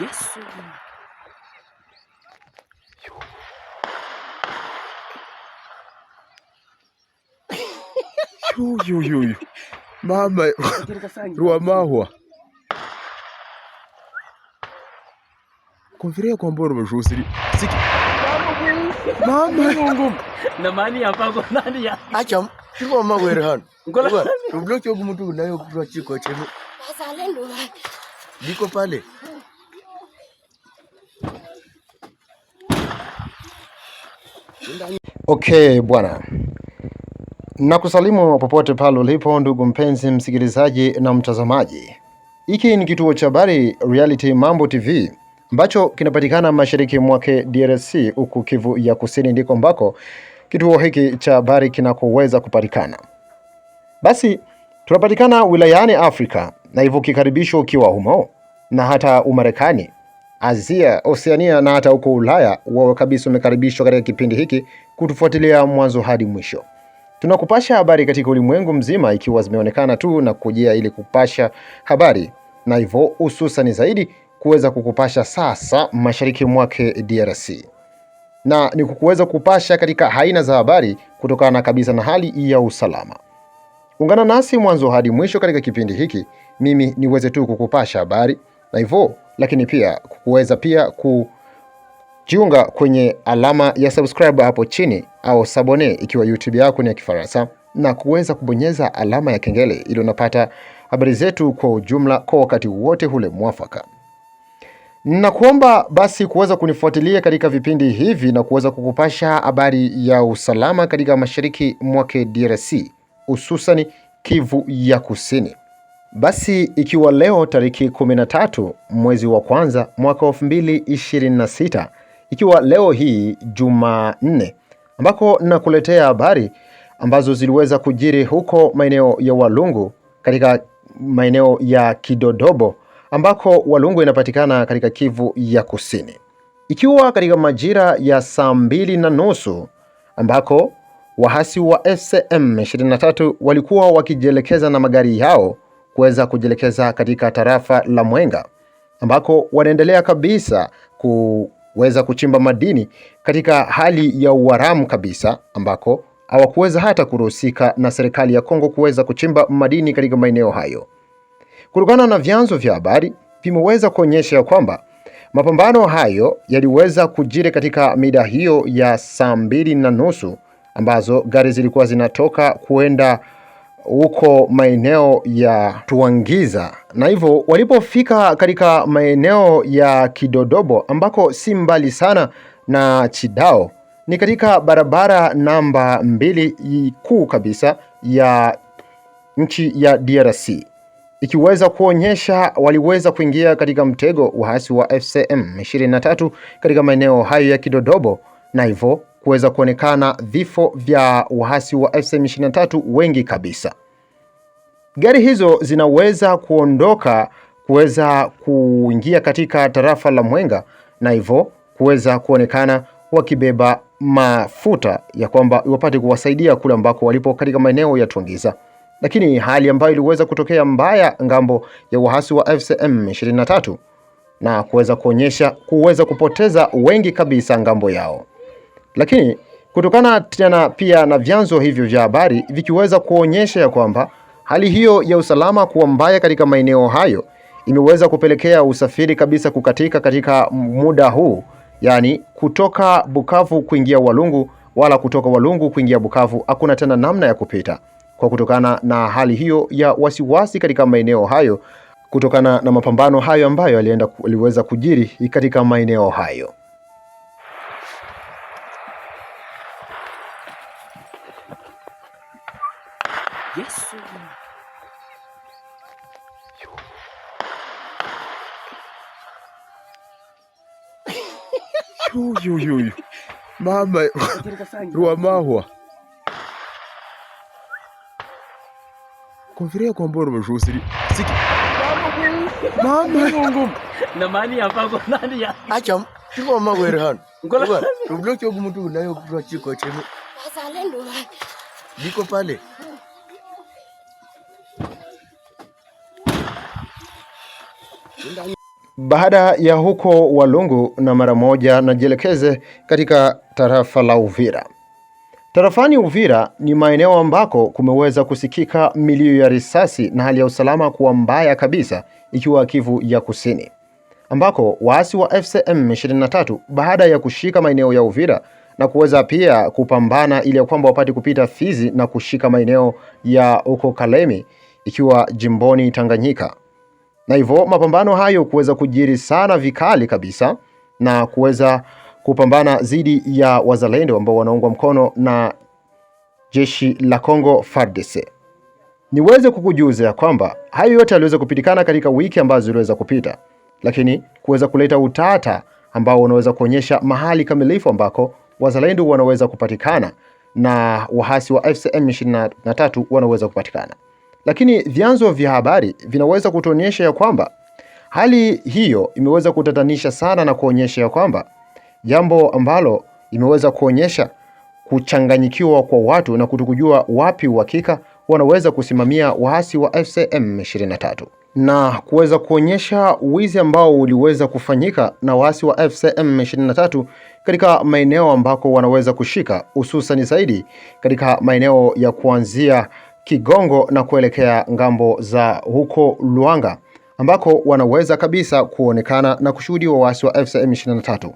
Yes, Yesu. Yuyuyuyu mama rwamahwa konfire kwambora bajosiri siki mama namani yapako nani ya acha tiko magwere hano ngola ublock yogu mtu nayo kwa chiko chemo sasa lendo liko pale Okay bwana, nakusalimu popote pale ulipo ndugu mpenzi msikilizaji na mtazamaji. Hiki ni kituo cha habari Reality Mambo TV ambacho kinapatikana mashariki mwake DRC huku Kivu ya Kusini ndiko ambako kituo hiki cha habari kinakoweza kupatikana. Basi tunapatikana wilayani Afrika na hivyo kikaribisho ukiwa humo na hata Umarekani Asia, Oceania na hata huko Ulaya, wao kabisa wamekaribishwa katika kipindi hiki kutufuatilia mwanzo hadi mwisho. Tunakupasha habari katika ulimwengu mzima, ikiwa zimeonekana tu na kujia ili kupasha habari, na hivyo hususani zaidi kuweza kukupasha sasa mashariki mwake DRC na ni kukuweza kupasha katika aina za habari kutokana kabisa na hali ya usalama. Ungana nasi mwanzo hadi mwisho katika kipindi hiki, mimi niweze tu kukupasha habari, na hivyo lakini pia kuweza pia kujiunga kwenye alama ya subscribe hapo chini au sabone ikiwa YouTube yako ni ya Kifaransa na kuweza kubonyeza alama ya kengele ili unapata habari zetu kwa ujumla kwa wakati wote ule mwafaka. Na kuomba basi kuweza kunifuatilia katika vipindi hivi na kuweza kukupasha habari ya usalama katika mashariki mwake DRC hususani Kivu ya Kusini. Basi ikiwa leo tariki 13 mwezi wa kwanza mwaka 2026, ikiwa leo hii Jumanne, ambako nakuletea habari ambazo ziliweza kujiri huko maeneo ya Walungu katika maeneo ya Kidodobo ambako Walungu inapatikana katika Kivu ya Kusini, ikiwa katika majira ya saa mbili na nusu ambako waasi wa SM 23 walikuwa wakijielekeza na magari yao kuweza kujielekeza katika tarafa la Mwenga ambako wanaendelea kabisa kuweza kuchimba madini katika hali ya uharamu kabisa, ambako hawakuweza hata kuruhusika na serikali ya Kongo kuweza kuchimba madini katika maeneo hayo. Kutokana na vyanzo vya habari vimeweza kuonyesha kwamba mapambano hayo yaliweza kujiri katika mida hiyo ya saa mbili na nusu ambazo gari zilikuwa zinatoka kuenda huko maeneo ya Tuangiza, na hivyo walipofika katika maeneo ya Kidodobo ambako si mbali sana na Chidao, ni katika barabara namba mbili kuu kabisa ya nchi ya DRC, ikiweza kuonyesha waliweza kuingia katika mtego waasi wa FCM 23 katika maeneo hayo ya Kidodobo na hivyo kuweza kuonekana vifo vya waasi wa fcm 23 wengi kabisa. Gari hizo zinaweza kuondoka kuweza kuingia katika tarafa la Mwenga na hivyo kuweza kuonekana wakibeba mafuta ya kwamba wapate kuwasaidia kule ambako walipo katika maeneo ya Tuangiza, Lakini hali ambayo iliweza kutokea mbaya ngambo ya waasi wa FCM 23 na kuweza kuonyesha kuweza kupoteza wengi kabisa ngambo yao lakini kutokana tena pia na vyanzo hivyo vya habari vikiweza kuonyesha ya kwamba hali hiyo ya usalama kuwa mbaya katika maeneo hayo imeweza kupelekea usafiri kabisa kukatika katika muda huu, yaani kutoka Bukavu kuingia Walungu wala kutoka Walungu kuingia Bukavu hakuna tena namna ya kupita kwa kutokana na hali hiyo ya wasiwasi katika maeneo hayo, kutokana na mapambano hayo ambayo yalienda aliweza kujiri katika maeneo hayo. Uyuyuyu mama rwamahwa konfire yakwambora abajosiri acha tikoma kwere hano ubloki yokumuntu unayo kuchiko chenu ndiko pale Baada ya huko Walungu, na mara moja najielekeze katika tarafa la Uvira. Tarafani Uvira ni maeneo ambako kumeweza kusikika milio ya risasi na hali ya usalama kuwa mbaya kabisa, ikiwa Kivu ya Kusini, ambako waasi wa FCM 23 baada ya kushika maeneo ya Uvira na kuweza pia kupambana ili ya kwamba wapate kupita Fizi na kushika maeneo ya uko Kalemi, ikiwa jimboni Tanganyika na hivyo mapambano hayo kuweza kujiri sana vikali kabisa na kuweza kupambana dhidi ya wazalendo ambao wanaungwa mkono na jeshi la Kongo FARDC. Niweze kukujuza ya kwamba hayo yote yaliweza kupitikana katika wiki ambazo ziliweza kupita, lakini kuweza kuleta utata ambao unaweza kuonyesha mahali kamilifu ambako wazalendo wanaweza kupatikana na waasi wa FCM 23 wanaweza kupatikana lakini vyanzo vya habari vinaweza kutuonyesha ya kwamba hali hiyo imeweza kutatanisha sana na kuonyesha ya kwamba jambo ambalo imeweza kuonyesha kuchanganyikiwa kwa watu na kutokujua wapi uhakika wanaweza kusimamia waasi wa FCM 23 na kuweza kuonyesha wizi ambao uliweza kufanyika na waasi wa FCM 23 katika maeneo ambako wanaweza kushika, hususani zaidi katika maeneo ya kuanzia Kigongo na kuelekea ngambo za huko Luanga ambako wanaweza kabisa kuonekana na kushuhudiwa waasi wa FCM 23.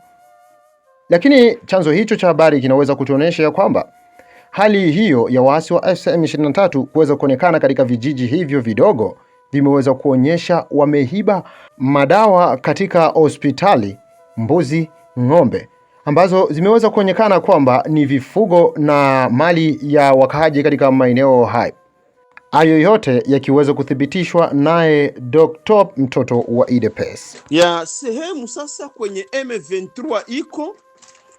Lakini chanzo hicho cha habari kinaweza kutuonesha ya kwamba hali hiyo ya waasi wa FCM 23 kuweza kuonekana katika vijiji hivyo vidogo vimeweza kuonyesha wamehiba madawa katika hospitali, mbuzi, ng'ombe ambazo zimeweza kuonekana kwamba ni vifugo na mali ya wakaaji katika maeneo hayo. Hayo yote yakiweza kuthibitishwa naye Dr. mtoto wa IDPS Ya sehemu sasa kwenye M23 iko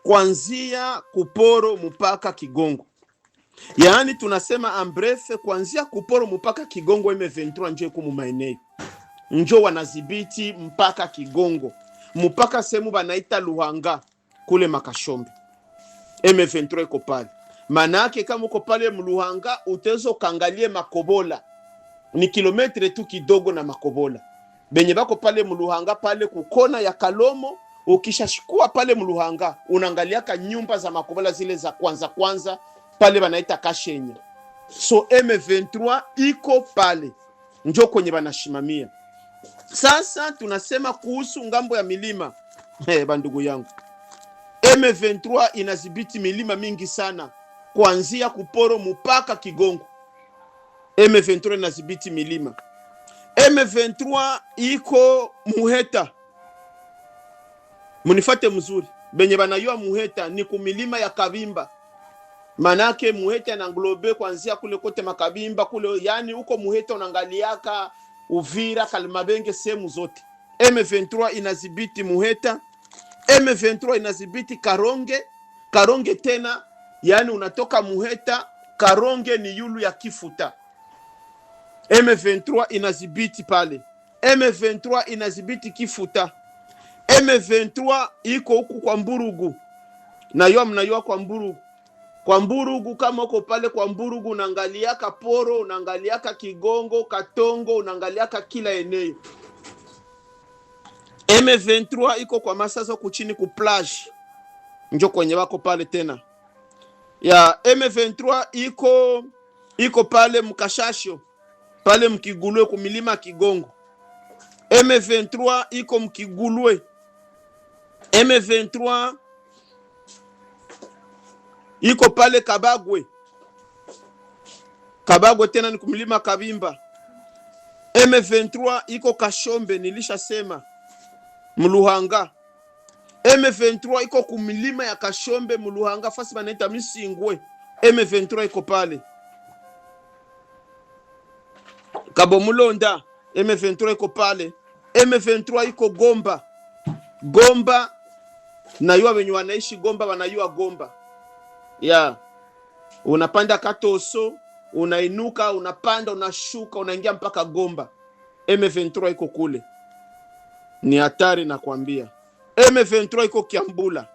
kuanzia Kuporo mpaka Kigongo, yaani tunasema ambrefe, kuanzia Kuporo mpaka Kigongo M23 njo iko mu maeneo njo wanadhibiti mpaka Kigongo mpaka sehemu banaita Luhanga kule Makashombe, M23 iko pale. Maana yake kama uko pale Mluhanga utezo kangalie Makobola, ni kilometre tu kidogo na Makobola. Benye bako pale Mluhanga pale kukona ya Kalomo, ukishashikua pale Mluhanga unaangaliaka nyumba za Makobola zile za kwanza kwanza pale banaita Kashenye. So M23 iko pale njo kwenye banashimamia. Sasa tunasema kuhusu ngambo ya milima. Hey, bandugu yangu M23 inadhibiti milima mingi sana kuanzia Kuporo mpaka Kigongo. M23 inadhibiti milima. M23 iko Muheta, munifate mzuri, benye banayua Muheta ni kumilima ya Kabimba, manake Muheta na nglobe kuanzia kule kote makabimba kule, yani huko Muheta unaangaliaka Uvira, Kalimabenge, sehemu zote M23 inadhibiti Muheta M23 inadhibiti Karonge, Karonge tena, yaani unatoka Muheta, Karonge ni yulu ya Kifuta. M23 inadhibiti pale, M23 inadhibiti Kifuta, M23 iko huku kwa Mburugu, nayo mnayua kwa Mburugu kwa Mburugu, kama uko pale kwa Mburugu unaangaliaka Poro, unaangaliaka Kigongo, Katongo, unaangaliaka kila eneo. M23 iko kwa masasa kuchini ku plage, njo kwenye wako pale tena ya M23 iko iko pale mkashasho pale mkigulwe kumilima Kigongo. M23 iko mkigulwe. M23 iko pale Kabagwe, Kabagwe tena ni kumilima Kabimba. M23 iko Kashombe, nilishasema muluhanga M23 iko kumilima ya Kashombe muluhanga, fasi banaita Misingwe. M23 iko pale Kabo Mulonda, M23 iko pale. M23 iko Gomba, Gomba nayua wenye wanaishi Gomba wanayua Gomba ya yeah. Unapanda Katoso, unainuka, unapanda, unashuka, unaingia mpaka Gomba. M23 iko kule ni hatari kwambia M23 iko Kiambula,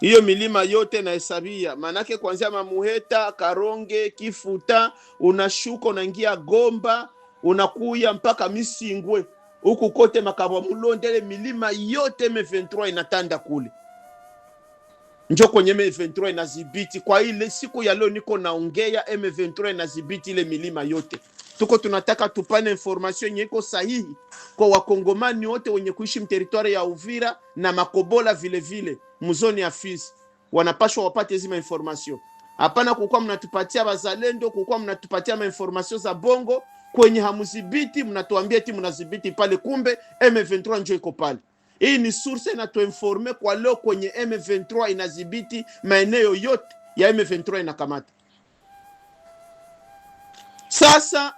hiyo milima yote nahesabia, maanake kuanzia Mamuheta, Karonge, Kifuta, unashuka unaingia Gomba, unakuya mpaka Misingwe, huku kote Makabwa Mulondele, milima yote M23 inatanda kule, njo kwenye M23 inadhibiti. Kwa ile siku ya leo niko naongea, M23 inadhibiti ile milima yote tuko tunataka tupane information yenye iko sahihi kwa wakongomani wote wenye kuishi mteritwari ya Uvira na Makobola vile vile mzoni ya Fizi, wanapashwa wapate hizi information. Hapana kukuwa mnatupatia bazalendo, kukuwa mnatupatia mainformation za bongo kwenye hamudhibiti, mnatuambia eti mnadhibiti pale, kumbe M23 njo iko pale. Hii ni source inatuinforme kwa leo kwenye M23 inadhibiti maeneo yote ya M23 inakamata sasa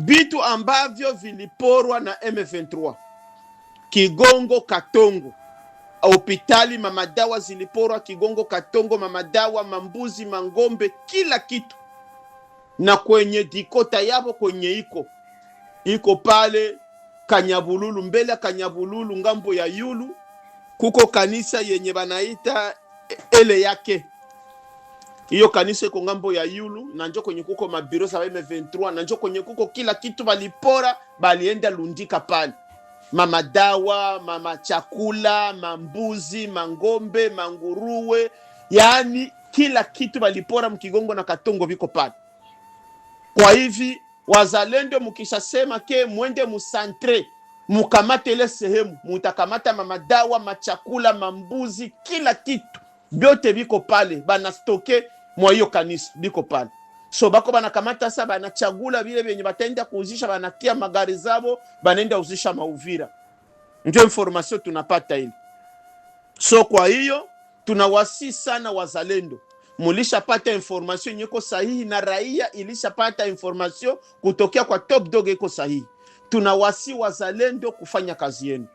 vitu ambavyo viliporwa na M23 Kigongo Katongo, hospitali mamadawa ziliporwa Kigongo Katongo, mamadawa, mambuzi, mangombe, kila kitu, na kwenye dikota yabo kwenye iko iko pale Kanyabululu, mbele ya Kanyabululu, ngambo ya Yulu kuko kanisa yenye banaita ele yake hiyo kanisa iko ngambo ya yulu na njo kwenye kuko mabiro za M23 na njo kwenye kuko kila kitu balipora, balienda lundika pale, mama dawa, mama chakula, mambuzi, mangombe, manguruwe, yaani kila kitu balipora, mkigongo na katongo viko pale. Kwa hivi wazalendo, mkishasema ke mwende musantre mukamate ile sehemu, mutakamata mamadawa, machakula, mambuzi, kila kitu vyote viko pale banastoke mwa hiyo kanisa liko pale so bako banakamata sa banachagula vile vyenye bataenda kuuzisha, banatia magari zabo banaenda uzisha mauvira. Ndio information tunapata ile. So kwa hiyo tunawasi sana wazalendo, mulishapata information nyeko sahihi na raia ilishapata information kutokea kwa top dog iko sahihi. Tunawasi wazalendo kufanya kazi yenu,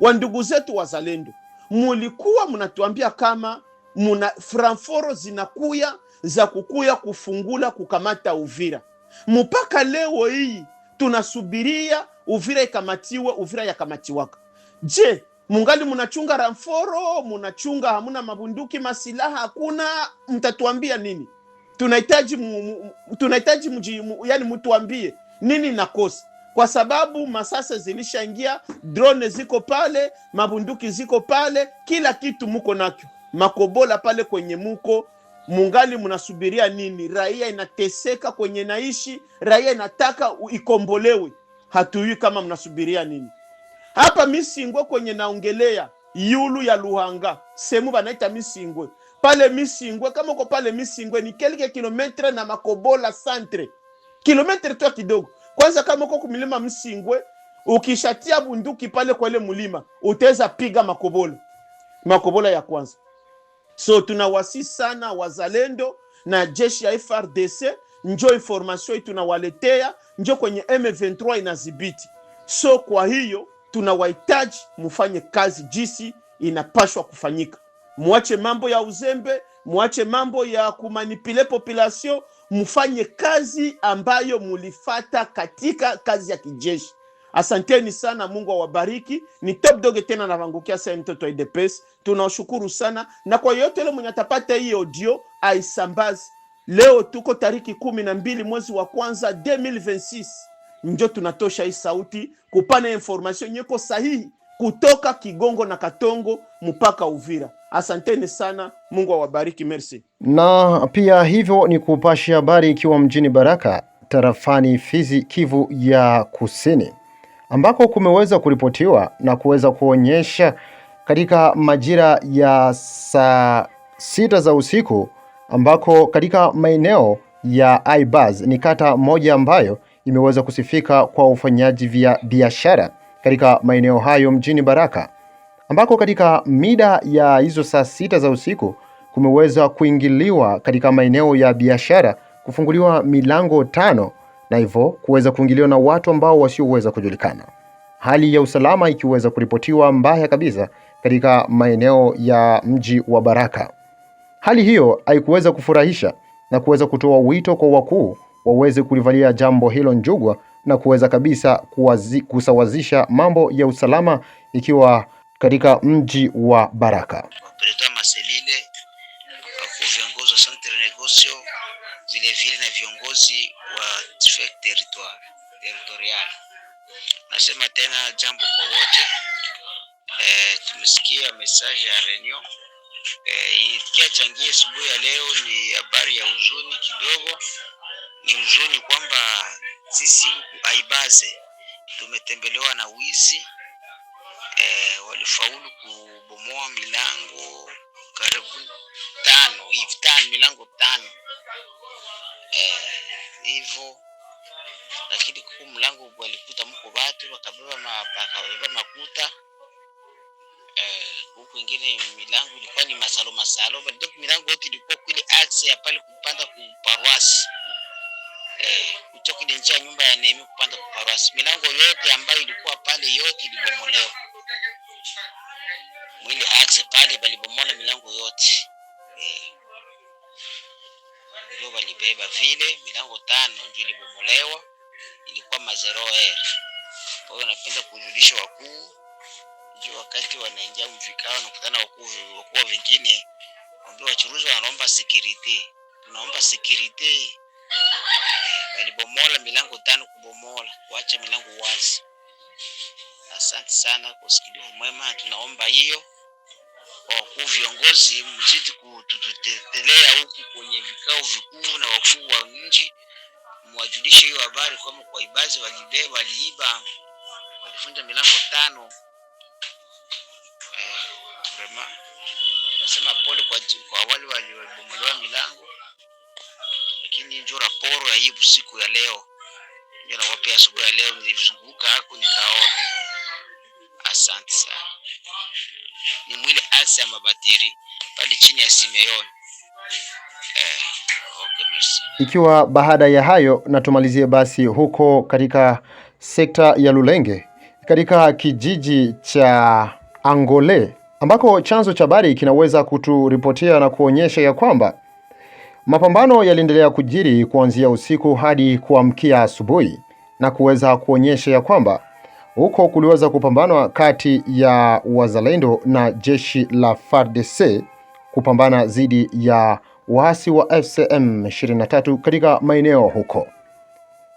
wandugu zetu wazalendo, mulikuwa mnatuambia kama muna franforo zinakuya za kukuya kufungula kukamata Uvira. Mpaka leo hii tunasubiria Uvira ikamatiwe, Uvira yakamatiwaka. Je, mungali munachunga ramforo? Munachunga hamuna mabunduki, masilaha hakuna, mtatuambia nini? Tunahitaji tunahitaji yani, mtuambie nini nakosa, kwa sababu masasa zilishaingia, drone ziko pale, mabunduki ziko pale, kila kitu muko nakyo makobola pale kwenye muko mungali mnasubiria nini? Raia inateseka kwenye naishi, raia inataka ikombolewe, hatuyui kama mnasubiria nini? Hapa Misingwe kwenye naongelea yulu ya Luhanga, sehemu banaita Misingwe pale Misingwe, kama uko pale Misingwe ni kelke kilometre na Makobola centre, kilometre tu kidogo. Kwanza kama uko kumilima Msingwe, ukishatia bunduki pale kwa ile mlima utaweza piga Makobola. Makobola ya kwanza So tunawasi sana wazalendo na jeshi ya FRDC, njo information tunawaletea, njo kwenye M23 inazibiti. So kwa hiyo tunawahitaji mufanye kazi jisi inapashwa kufanyika, muache mambo ya uzembe, muache mambo ya kumanipule population, mufanye kazi ambayo mulifata katika kazi ya kijeshi. Asanteni sana, Mungu awabariki. Ni Top doge tena navangukia saa mtoto idepesi, tunashukuru sana na kwa yote ile mwenye atapata hii audio aisambazi. Leo tuko tariki kumi na mbili mwezi wa kwanza 2026 njo tunatosha hii sauti kupana information nyeko sahihi kutoka Kigongo na Katongo mpaka Uvira. Asanteni sana, Mungu awabariki. Merci. Na pia hivyo ni kupashi habari ikiwa mjini Baraka tarafani Fizi, Kivu ya Kusini ambako kumeweza kuripotiwa na kuweza kuonyesha katika majira ya saa sita za usiku ambako katika maeneo ya Ibaz ni kata moja ambayo imeweza kusifika kwa ufanyaji vya biashara katika maeneo hayo mjini Baraka, ambako katika mida ya hizo saa sita za usiku kumeweza kuingiliwa katika maeneo ya biashara, kufunguliwa milango tano na hivyo kuweza kuingiliwa na watu ambao wasioweza kujulikana. Hali ya usalama ikiweza kuripotiwa mbaya kabisa katika maeneo ya mji wa Baraka. Hali hiyo haikuweza kufurahisha na kuweza kutoa wito kwa wakuu waweze kulivalia jambo hilo njugwa na kuweza kabisa kuwazi, kusawazisha mambo ya usalama ikiwa katika mji wa Baraka. vile vile na viongozi wa territorial. Nasema tena jambo kwa wote e, tumesikia message ya reunion e, eh, changia asubuhi ya leo ni habari ya huzuni kidogo, ni huzuni kwamba sisi huku Aibaze tumetembelewa na wizi e, walifaulu kubomoa milango karibu tano hivi tano milango tano hivyo eh, lakini kuku mlango walikuta mko watu wakabeba mapaka wakabeba makuta eh, huku ingine milango ilikuwa ni masalo masalo, bado milango yote ilikuwa kule axe ya pale kupanda kuparwasi eh, kutoka ile njia nyumba ya Nehemia kupanda kuparwasi, milango yote ambayo ilikuwa pale yote ilibomolewa mwili axe pale balibomona milango yote eh, ndio walibeba vile milango tano ndio ilibomolewa, ilikuwa mazero air. Kwa hiyo napenda kujulisha wakuu, ndio wakati wanaingia mvikao na kutana wakuu wakuu wengine, ambao wachuruzi wanaomba security, tunaomba security. Eh, walibomola milango tano, kubomola kuacha milango wazi. Asante sana kwa usikilivu mwema, tunaomba hiyo wakuu viongozi, mzidi kututetelea huku kwenye vikao vikuu na wakuu wa nchi, mwajulishe hiyo habari kwamba kwa ibazi walibeba, waliiba, walivunja milango tano. Vrema eh, nasema pole kwa, kwa wale walibomolewa milango, lakini njo raporo ya hii siku ya leo ndio nawapea asubuhi ya leo, nilizunguka hako nikaona. Asante sana ni mwili asi ya mabatiri pale chini ya Simeon. Eh, okay, ikiwa baada ya hayo na basi huko katika sekta ya Lulenge katika kijiji cha Angole ambako chanzo cha habari kinaweza kuturipotia na kuonyesha ya kwamba mapambano yaliendelea kujiri kuanzia usiku hadi kuamkia asubuhi na kuweza kuonyesha ya kwamba huko kuliweza kupambanwa kati ya wazalendo na jeshi la FARDC kupambana dhidi ya waasi wa FCM 23 katika maeneo huko.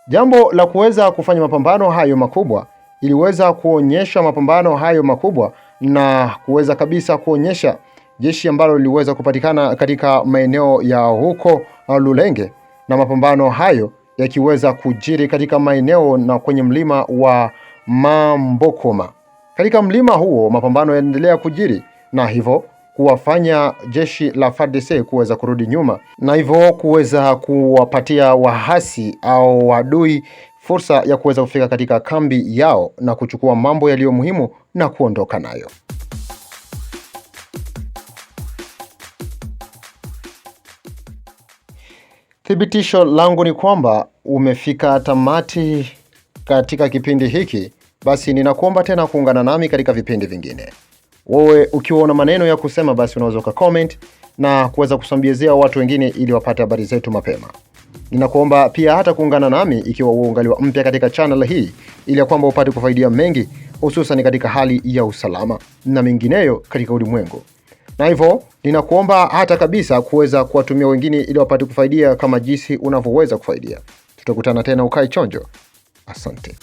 Jambo la kuweza kufanya mapambano hayo makubwa iliweza kuonyesha mapambano hayo makubwa na kuweza kabisa kuonyesha jeshi ambalo liliweza kupatikana katika maeneo ya huko uh, Lulenge na mapambano hayo yakiweza kujiri katika maeneo na kwenye mlima wa Mambokoma. Katika mlima huo mapambano yanaendelea kujiri na hivyo kuwafanya jeshi la FARDC kuweza kurudi nyuma na hivyo kuweza kuwapatia wahasi au wadui fursa ya kuweza kufika katika kambi yao na kuchukua mambo yaliyo muhimu na kuondoka nayo. Thibitisho langu ni kwamba umefika tamati katika kipindi hiki basi ninakuomba tena kuungana nami katika vipindi vingine. Wewe ukiwa una maneno ya kusema, basi unaweza uka comment na kuweza kusambiezea watu wengine ili wapate habari zetu mapema. Ninakuomba pia hata kuungana nami ikiwa wewe ungaliwa mpya katika channel hii, ili ya kwamba upate kufaidia mengi, hususan katika hali ya usalama na mengineyo katika ulimwengu. Na hivyo ninakuomba hata kabisa kuweza kuwatumia wengine ili wapate kufaidia kama jinsi unavyoweza kufaidia. Tutakutana tena, ukae chonjo. Asante.